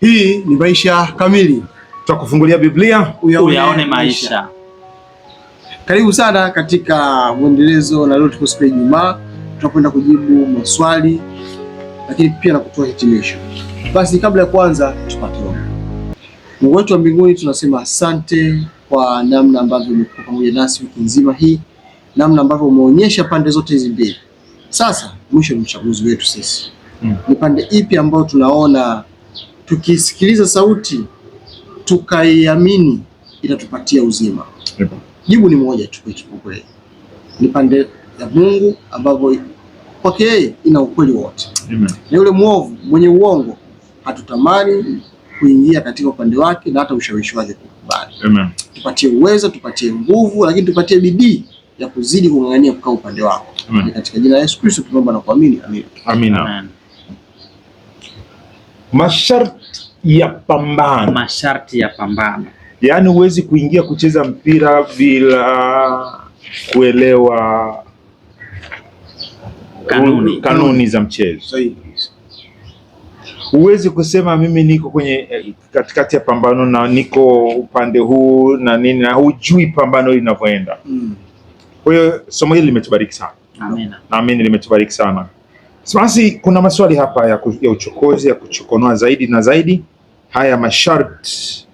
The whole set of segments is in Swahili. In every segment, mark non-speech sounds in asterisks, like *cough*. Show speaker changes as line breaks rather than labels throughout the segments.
Hii ni Maisha Kamili, tutakufungulia Biblia
uyaone maisha.
Karibu sana katika mwendelezo, na leo tuko siku ya Ijumaa, tutakwenda kujibu maswali lakini pia na kutoa hitimisho. Basi kabla ya kuanza, tupate ombi. Mungu wetu wa mbinguni, tunasema asante kwa namna ambavyo umekuwa pamoja nasi wiki nzima hii, namna ambavyo umeonyesha pande zote hizi mbili. Sasa mwisho ni uchaguzi wetu sisi, hmm. ni pande ipi ambayo tunaona tukisikiliza sauti tukaiamini inatupatia uzima. Jibu ni moja tu kweli, ni pande ya Mungu ambapo kwake yeye ina ukweli wote. Amen. Na yule mwovu mwenye uongo hatutamani kuingia katika upande wake na hata ushawishi wake kukubali. Amen. Tupatie uwezo, tupatie nguvu, lakini tupatie bidii ya kuzidi kung'ang'ania kukaa upande wako. Amen. Katika jina la Yesu Kristo tunaomba na kuamini. Amina.
Amen. Amen.
Masharti ya pambano,
masharti ya pambano.
Yaani huwezi kuingia kucheza mpira bila kuelewa kanuni, kanuni za mchezo. Huwezi kusema mimi niko kwenye katikati ya pambano na niko upande huu na nini, na hujui pambano linavyoenda. Mm. Kwa hiyo somo hili limetubariki sana, amina. Naamini limetubariki sana. Basi kuna maswali hapa ya, ya uchokozi ya kuchokonoa zaidi na zaidi, haya masharti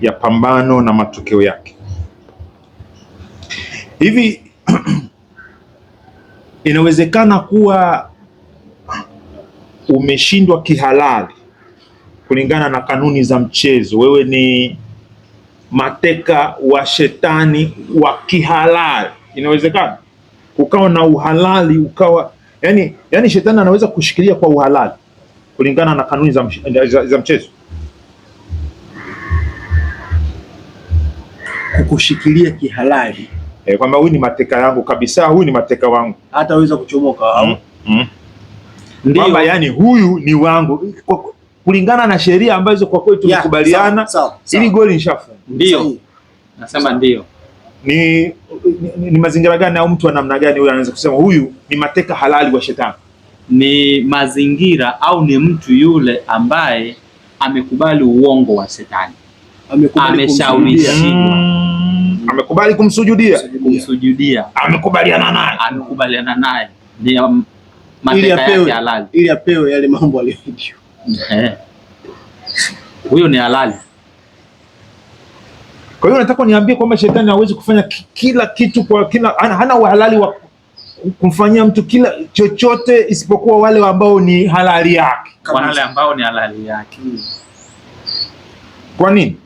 ya pambano na matokeo yake. Hivi *clears throat* inawezekana kuwa umeshindwa kihalali kulingana na kanuni za mchezo, wewe ni mateka wa shetani wa kihalali. Inawezekana ukawa na uhalali ukawa yani, yani shetani anaweza kushikilia kwa uhalali kulingana na kanuni za, za, za mchezo kukushikilia kihalali e, kwamba huyu ni mateka yangu kabisa, huyu ni mateka wangu,
hataweza kuchomoka mm, mm.
Ndio, yani huyu ni wangu kulingana na sheria ambazo kwa kweli tumekubaliana, ili goli nishafunga.
Ndio nasema ndio
ni ni, ni mazingira gani au mtu wa namna gani huyu anaweza kusema huyu ni mateka halali wa shetani?
Ni mazingira au ni mtu yule ambaye amekubali uongo wa shetani, ameshawishishwa, mm.
amekubali kumsujudia,
kumsujudia,
amekubaliana naye,
amekubaliana naye, ni um, mateka yake halali,
ili apewe yale mambo aliyoahidiwa. Eh.
Huyo ni halali.
Kwa hiyo nataka niambie kwamba shetani hawezi kufanya kila kitu kwa kila, hana uhalali wa kumfanyia mtu kila chochote isipokuwa wale ambao ni halali yake,
wale ambao ni halali yake.
Kwa nini?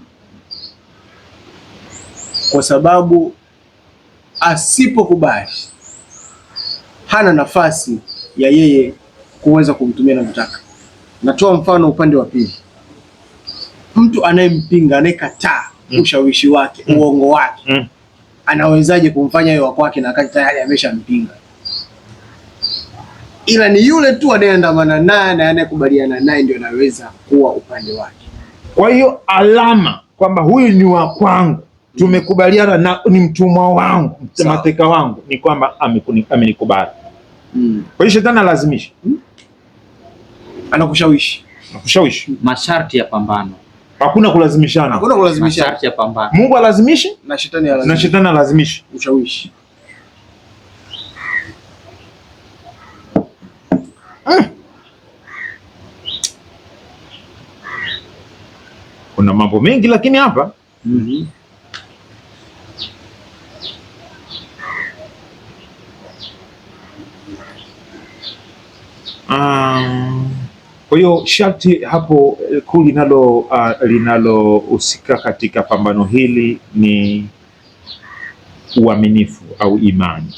Kwa sababu asipokubali hana nafasi ya yeye kuweza kumtumia anavyotaka. Natoa mfano upande wa pili, mtu anayempinga, anayekataa mm. ushawishi wake mm. uongo wake mm. anawezaje kumfanya yeye wakwake na kati tayari ameshampinga? Ila ni yule tu anayeandamana naye na anayekubaliana naye ndio anaweza kuwa upande wake. Kwa hiyo alama kwamba huyu ni wa kwangu, tumekubaliana na ni mtumwa wangu, mateka wangu, ni kwamba amenikubali. Mm. Kwa hiyo shetani alazimisha, anakushawishi, anakushawishi
masharti ya pambano
Hakuna kulazimishana.
Hakuna kulazimishana. sharti
Mungu alazimishi
na shetani alazimishi.
Na shetani alazimishi.
Ushawishi. Mm.
Kuna mambo mengi lakini hapa mm -hmm. Um, kwa hiyo sharti hapo eh, kuu linalo uh, ah, linalohusika katika pambano hili ni uaminifu au imani.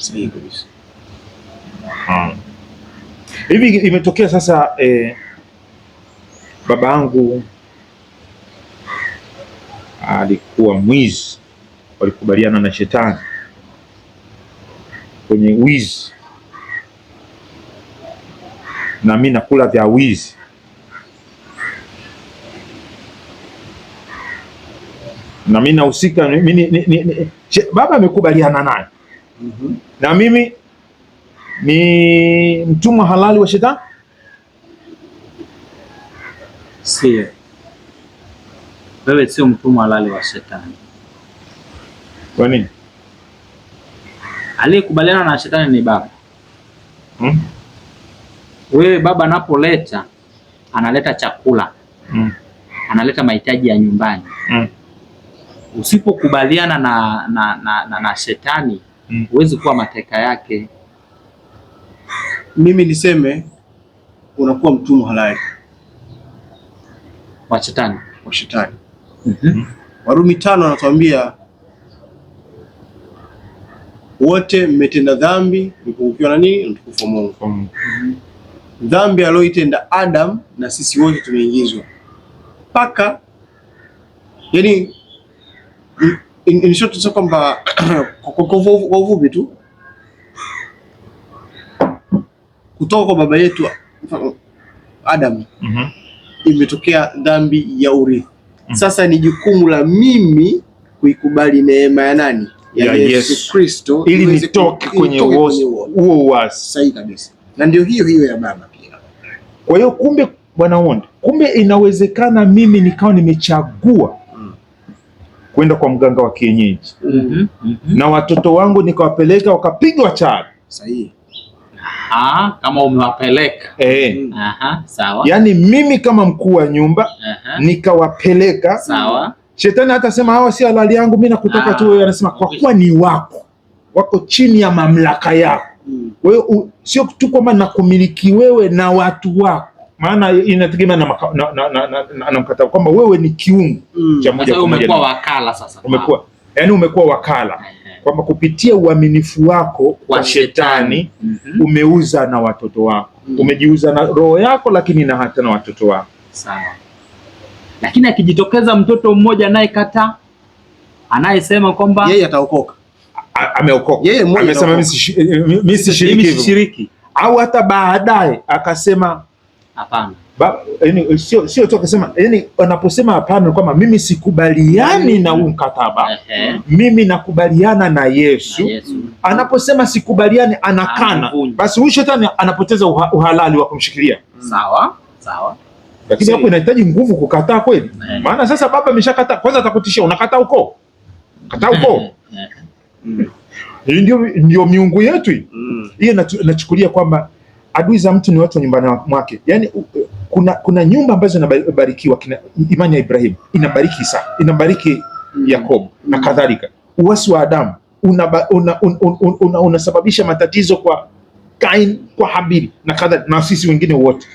Hmm. Hivi imetokea sasa eh, baba yangu alikuwa mwizi, walikubaliana na shetani kwenye wizi na mimi nakula vya wizi na mimi nahusika, baba amekubaliana naye mm -hmm. na mimi ni mtumwa halali wa shetani
Sio. Wewe sio mtumwa halali wa shetani. Kwa nini? Aliyekubaliana na shetani ni baba hmm? Wewe baba anapoleta analeta chakula hmm. Analeta mahitaji ya nyumbani hmm usipokubaliana na, na, na, na, na shetani mm. huwezi mm. kuwa mateka yake.
Mimi niseme unakuwa mtumwa halali wa shetani, wa shetani. mm -hmm. Warumi tano anatuambia wote mmetenda dhambi mmepungukiwa na nini? Mtukufu wa Mungu. mm -hmm. Dhambi aliyoitenda Adam na sisi wote tumeingizwa mpaka yani in, short sio kwamba kwa uvuvi tu kutoka kwa baba yetu Adam mm -hmm. imetokea dhambi ya urithi mm -hmm. Sasa ni jukumu la mimi kuikubali neema ya nani ya, ya Yesu Kristo ili nitoke kwenye huo uasi.
Sahihi kabisa, na ndio hiyo hiyo ya baba pia.
Kwa hiyo kumbe, bwana Wonde, kumbe inawezekana mimi nikawa nimechagua kwenda kwa mganga wa kienyeji mm -hmm. na watoto wangu nikawapeleka wakapigwa charo.
Sahihi. Aha, kama umewapeleka
e. mm. Aha, sawa. Yani mimi kama mkuu wa nyumba nikawapeleka, sawa. Shetani hatasema hawa si halali yangu, mimi nakutaka ah. tu wewe, anasema kwa kuwa ni wako wako chini ya mamlaka yako mm. Wewe sio tu kwamba nakumiliki wewe na watu wako maana inategemea na, na, na, na, na, na mkataba kwamba wewe ni kiungo
mm, cha moja kwa moja umekuwa wakala sasa,
umekuwa ah. yani umekuwa wakala kwamba kupitia uaminifu wako kwa shetani mm -hmm. umeuza na watoto wako mm umejiuza na roho yako, lakini na hata na watoto wako
sawa. Lakini akijitokeza mtoto mmoja anayekata anayesema kwamba
yeye ataokoka, ameokoka, yeye mmoja amesema mimi eh, sishiriki, au hata baadaye akasema hapana. sio sio tu akasema, yani anaposema hapana kwamba mimi sikubaliani na huu mkataba. Mimi nakubaliana na Yesu. Anaposema sikubaliani anakana. Basi huyu shetani anapoteza uhalali wa kumshikilia.
Sawa? Sawa.
Lakini hapo inahitaji nguvu kukataa kweli. Maana sasa baba ameshakataa, kwanza atakutishia unakataa uko. Kataa uko. Ndio ndio miungu yetu hiyo Hii mm. inachukulia kwamba adui za mtu ni watu wa nyumbani mwake. Yani e, kuna, kuna nyumba ambazo inabarikiwa. Imani ya Ibrahimu inabariki Isaka, inabariki Yakobo na kadhalika. Uasi wa Adamu unasababisha una, una, una, una matatizo kwa Kain, kwa Habili na kadhalika, na sisi wengine wote.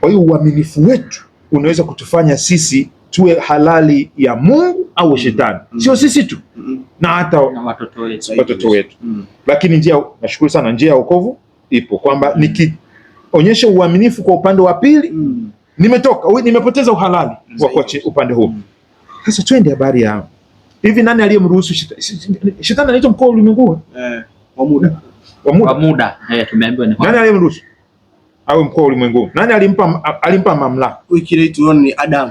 Kwa hiyo uaminifu wetu unaweza kutufanya sisi tuwe halali ya Mungu au shetani, mm-hmm. sio sisi tu mm-hmm. na hata
watoto
wetu, mm-hmm. lakini njia, nashukuru sana, njia ya wokovu ipo kwamba mm. nikionyesha uaminifu kwa upande wa pili mm. nimetoka nimepoteza uhalali wa kwa upande huu sasa. mm. Twende habari ya hivi, nani aliyemruhusu shetani anaitwa mkuu ulimwengu eh,
wa muda wa muda wa muda, eh, tumeambiwa ni
nani aliyemruhusu awe mkuu ulimwengu? Nani alimpa alimpa mamlaka?
Wiki ile tuliona ni Adam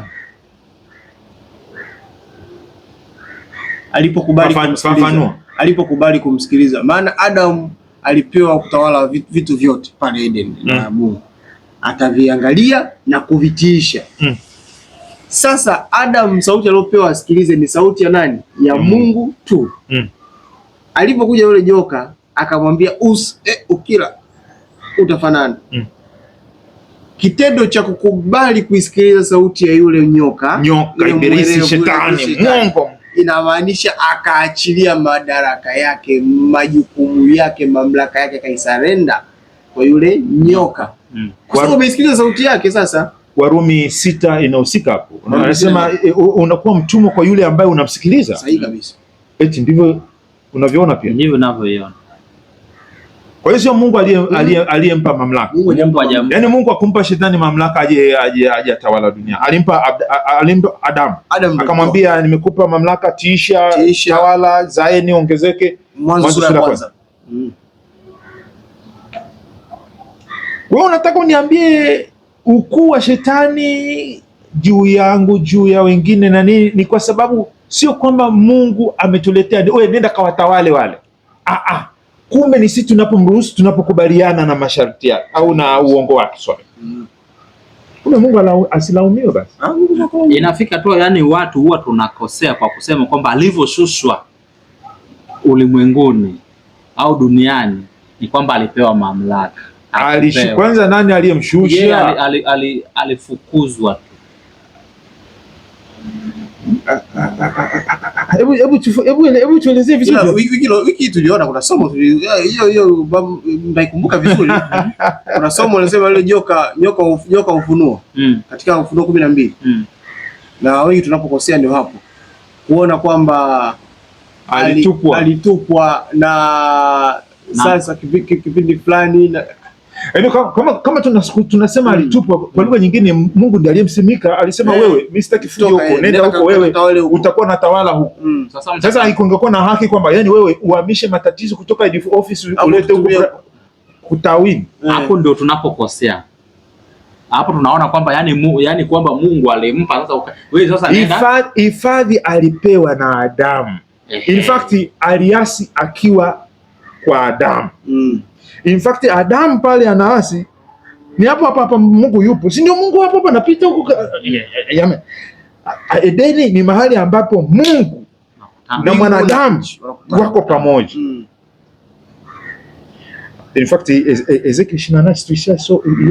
alipokubali
kumsikiliza,
alipokubali kumsikiliza, maana Adam alipewa kutawala vitu, vitu vyote pale Eden mm. na Mungu ataviangalia na kuvitiisha mm. Sasa Adam sauti aliyopewa asikilize ni sauti ya nani? Ya mm. Mungu tu mm. Alipokuja yule joka akamwambia us eh, ukila utafanana mm. Kitendo cha kukubali kuisikiliza sauti ya yule nyoka,
nyoka, ibilisi, shetani, Mungu
inamaanisha akaachilia madaraka yake, majukumu yake, mamlaka yake, kaisarenda kwa yule nyoka mm. Kwa sababu umesikiliza sauti yake sasa
Warumi sita inahusika hapo, unasema e, unakuwa mtumwa kwa yule ambaye unamsikiliza.
Sahihi kabisa,
eti ndivyo unavyoona pia,
ndivyo unavyoiona
kwa hiyo sio Mungu mm. aliyempa mamlaka. Yaani Mungu akumpa shetani mamlaka aje aje aje atawala dunia. Alimpa Adam. Adam akamwambia nimekupa mamlaka tiisha, tiisha, tawala, zaeni, ongezeke.
Mwanzo sura ya kwanza. Mm.
Wewe unataka uniambie ukuu wa shetani juu yangu juu ya wengine na nini? Ni kwa sababu sio kwamba Mungu ametuletea wewe nenda kawatawale wale. Ah ah. Kumbe ni sisi tunapomruhusu, tunapokubaliana na masharti yake au na uongo wake. Sorry, kumbe Mungu asilaumiwe. Basi
ah, inafika tu, yani watu huwa tunakosea kwa kusema kwamba alivyoshushwa ulimwenguni au duniani ni kwamba alipewa mamlaka.
Kwanza nani aliyemshusha?
Alifukuzwa
Hebu tuelezee vizuri. Wiki wiki tuliona kuna somo hiyo hiyo mtaikumbuka vizuri. *laughs* Kuna somo linasema ile joka nyoka nyoka ufunuo. Mm. Katika Ufunuo kumi 12. Mm. Na wengi tunapokosea ndio hapo. Kuona kwamba alitupwa alitupwa na sasa kipindi fulani Yaani kama kama kama tunasema mm. alitupwa kwa lugha nyingine, Mungu ndiye aliyemsimika, alisema yeah. wewe, mimi sitaki fujo huko, nenda huko wewe, utakuwa na tawala huko. Mm. Sasa ingekuwa na haki kwamba yani wewe uhamishe matatizo kutoka office ulete huko kutawini.
Hmm. Hapo ndio tunapokosea. Hapo tunaona kwamba yani, mu, yani kwamba Mungu alimpa sasa
wewe sasa nenda. Hifadhi alipewa na Adamu. In fact aliasi akiwa kwa Adamu. Mm. In fact Adamu pale anaasi, ni hapo hapo hapa Mungu yupo, si ndio? Mungu hapo hapa anapita huko. Eh, eh, eh, Edeni ni mahali ambapo Mungu na mwanadamu wako pamoja. Mm. In fact e, e, Ezekiel ishirini na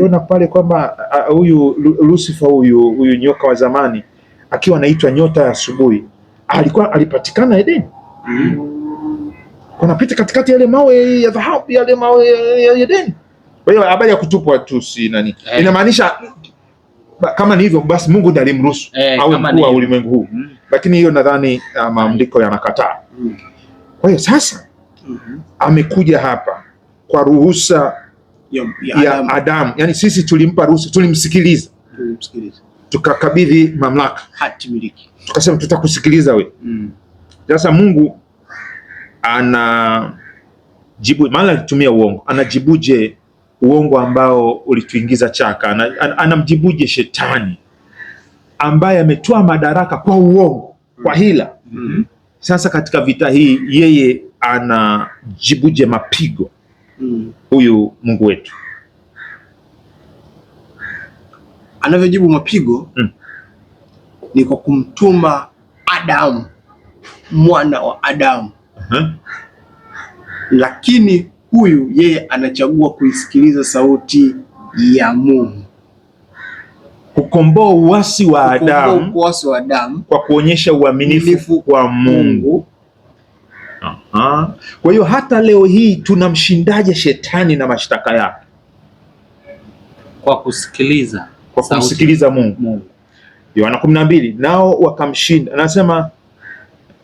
nane pale kwamba huyu Lucifer huyu huyu nyoka wa zamani akiwa anaitwa nyota ya asubuhi alikuwa alipatikana Edeni. Mm wanapita katikati yale mawe ya dhahabu yale mawe ya Edeni. Kwa hiyo habari ya kutupwa tu si nani, eh. inamaanisha kama ni hivyo basi Mungu ndiye alimruhusu eh, au mkuu wa ulimwengu huu mm. Lakini hiyo nadhani uh, maandiko yanakataa mm. Kwa hiyo sasa mm -hmm. amekuja hapa kwa ruhusa ya, ya, ya Adamu. Adamu yani sisi tulimpa ruhusa, tulimsikiliza tulimsikiliza, tukakabidhi mamlaka, hatimiliki. tukasema tutakusikiliza we mm. sasa mm. Mungu jibu maana alitumia uongo, anajibuje uongo ambao ulituingiza chaka? Anamjibuje shetani ambaye ametoa madaraka kwa uongo, kwa hila? mm -hmm. Sasa katika vita hii yeye anajibuje mapigo mm. huyu Mungu wetu anavyojibu mapigo mm. ni kwa kumtuma Adamu mwana wa Adamu lakini huyu yeye anachagua kuisikiliza sauti ya Mungu kukomboa uasi wa Adamu kwa kuonyesha uaminifu kwa Mungu. Aha. Kwa hiyo hata leo hii tunamshindaje shetani na mashtaka yake?
Kwa kusikiliza,
kwa kumsikiliza Mungu. Mungu. Yohana 12 nao wakamshinda, anasema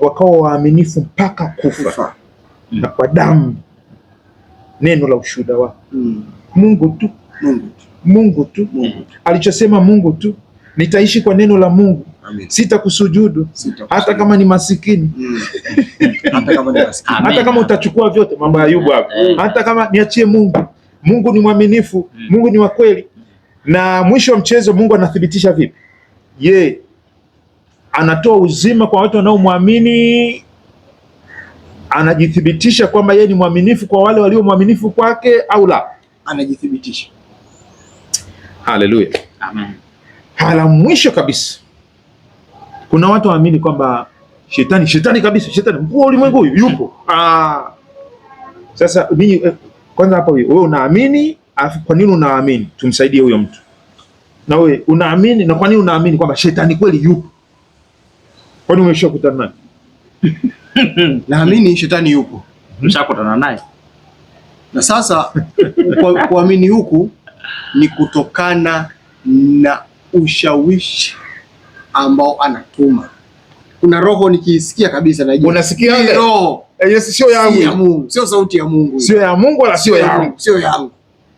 wakawa waaminifu mpaka kufa mm. na kwa damu, neno la ushuhuda wao mm. Mungu tu Mungu tu Mungu tu, Mungu Alichosema Mungu tu, nitaishi kwa neno la Mungu Sita kusujudu hata kama ni masikini mm. *laughs* hata kama utachukua vyote, mambo ya Ayubu hapo, mm. hata kama niachie Mungu. Mungu ni mwaminifu mm. Mungu ni wa kweli. Na mwisho wa mchezo Mungu anathibitisha vipi? Yeye anatoa uzima kwa watu wanaomwamini, anajithibitisha kwamba yeye ni mwaminifu kwa wale walio mwaminifu kwake, au la? Anajithibitisha. Haleluya, amen. Hala, mwisho kabisa, kuna watu waamini kwamba shetani, shetani kabisa, shetani mkuu wa ulimwengu huyu yupo. Ah, sasa mimi eh, kwanza hapa, wewe unaamini, afu kwa nini unaamini? Tumsaidie huyo mtu. Na wewe unaamini, na kwa nini unaamini kwamba shetani kweli yupo? Kwani umesha kutana naye? *laughs* Naamini shetani yupo.
Umeshakutana naye.
Na sasa kuamini huku ni kutokana na ushawishi ambao anatuma. Kuna roho nikiisikia kabisa najua.
Unasikia ile
roho? Eh, yes, sio
yangu. Sio sauti ya Mungu.
Sio ya Mungu wala sio yangu. Sio yangu.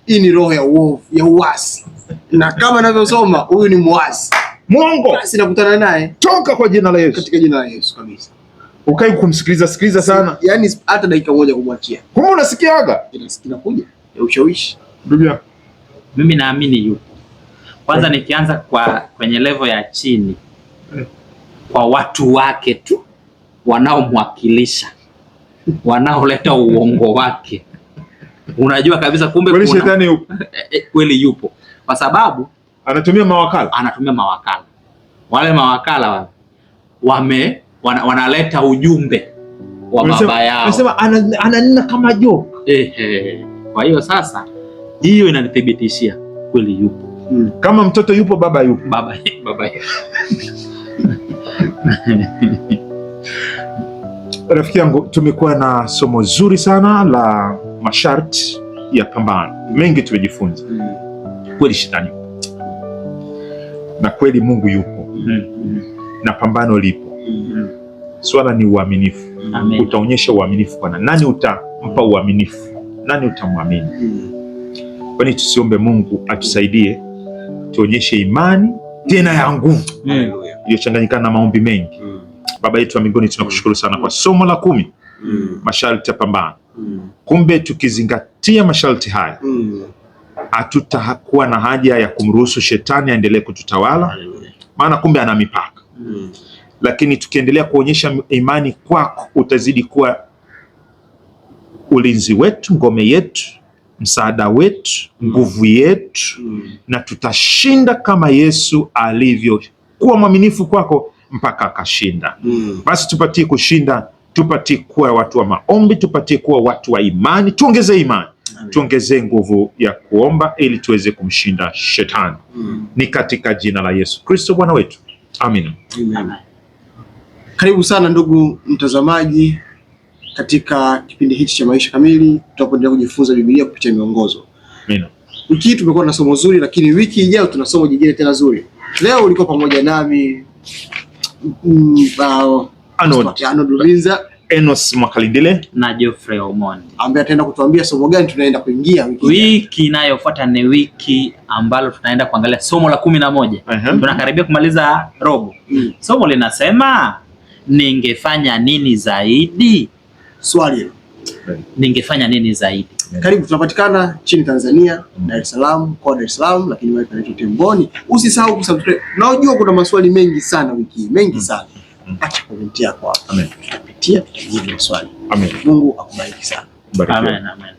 Hii ni roho ya uovu, ya uasi. Na kama ninavyosoma huyu ni muasi. Mwongo. Basi nakutana naye. Toka kwa jina la Yesu.
Katika jina la Yesu kabisa.
Ukai kumsikiliza sikiliza sana. Yaani hata dakika moja kumwachia. Kumbe unasikiaga?
kuja Ya ushawishi. Ndugu Mimi naamini yupo. Kwanza nikianza kwa kwenye level ya chini kwa watu wake tu wanaomwakilisha wanaoleta uongo wake, unajua kabisa kumbe
kuna... shetani yupo. *laughs* Eh,
eh, kweli yupo kwa sababu
anatumia mawakala,
anatumia mawakala. Wale mawakala wame wana, wanaleta ujumbe wa baba yao
unasema, ananena kama joke ehe.
Kwa hiyo sasa hiyo inanithibitishia kweli yupo
hmm. Kama mtoto yupo, baba yupo,
baba *laughs* baba
Rafiki yangu, tumekuwa na somo zuri sana la masharti ya pambano, mengi tumejifunza hmm. kweli. hmm na kweli Mungu yupo hmm. na pambano lipo. Hmm. Swala ni uaminifu. Amen. Utaonyesha uaminifu kwa nani? Utampa hmm. uaminifu nani? Utamwamini? Kwani tusiombe Mungu atusaidie tuonyeshe imani tena ya nguvu iliyochanganyikana na maombi mengi. Baba yetu wa mbinguni, tunakushukuru sana kwa somo la kumi, masharti ya pambano. Kumbe tukizingatia masharti haya hatutakuwa na haja ya kumruhusu shetani aendelee kututawala, maana kumbe ana mipaka hmm. Lakini tukiendelea kuonyesha imani kwako, utazidi kuwa ulinzi wetu, ngome yetu, msaada wetu, nguvu hmm. yetu hmm. na tutashinda kama Yesu alivyokuwa mwaminifu kwako mpaka akashinda. hmm. Basi tupatie kushinda, tupatie kuwa watu wa maombi, tupatie kuwa watu wa imani, tuongeze imani tuongezee nguvu ya kuomba ili tuweze kumshinda shetani mm. Ni katika jina la Yesu Kristo Bwana wetu Amina. Amen. Karibu sana ndugu mtazamaji katika kipindi hichi cha maisha kamili, tunapoendelea kujifunza Biblia kupitia miongozo. Amina. Wiki hii tumekuwa na somo zuri, lakini wiki ijayo tuna somo jingine tena zuri. Leo ulikuwa pamoja nami mm, Arnold Enos Mwakalindile
na Geoffrey Omondi
ambaye ataenda kutuambia somo gani tunaenda kuingia wiki.
Wiki inayofuata ni wiki ambalo tunaenda kuangalia somo la kumi na moja. uh -huh. Tunakaribia kumaliza robo. mm. Somo linasema ningefanya nini zaidi? Swali hilo. Ningefanya nini zaidi? Yeah.
Mm. Karibu, tunapatikana chini Tanzania, Dar es Salaam, kwa Dar es Salaam, lakini wewe unaitwa Temboni. Usisahau kusubscribe. Naojua kuna maswali mengi sana wiki hii, mengi mm. sana. Mm. Acha komenti yako hapa, tutapitia, swali amen. Mungu akubariki sana.
Amen. Amen.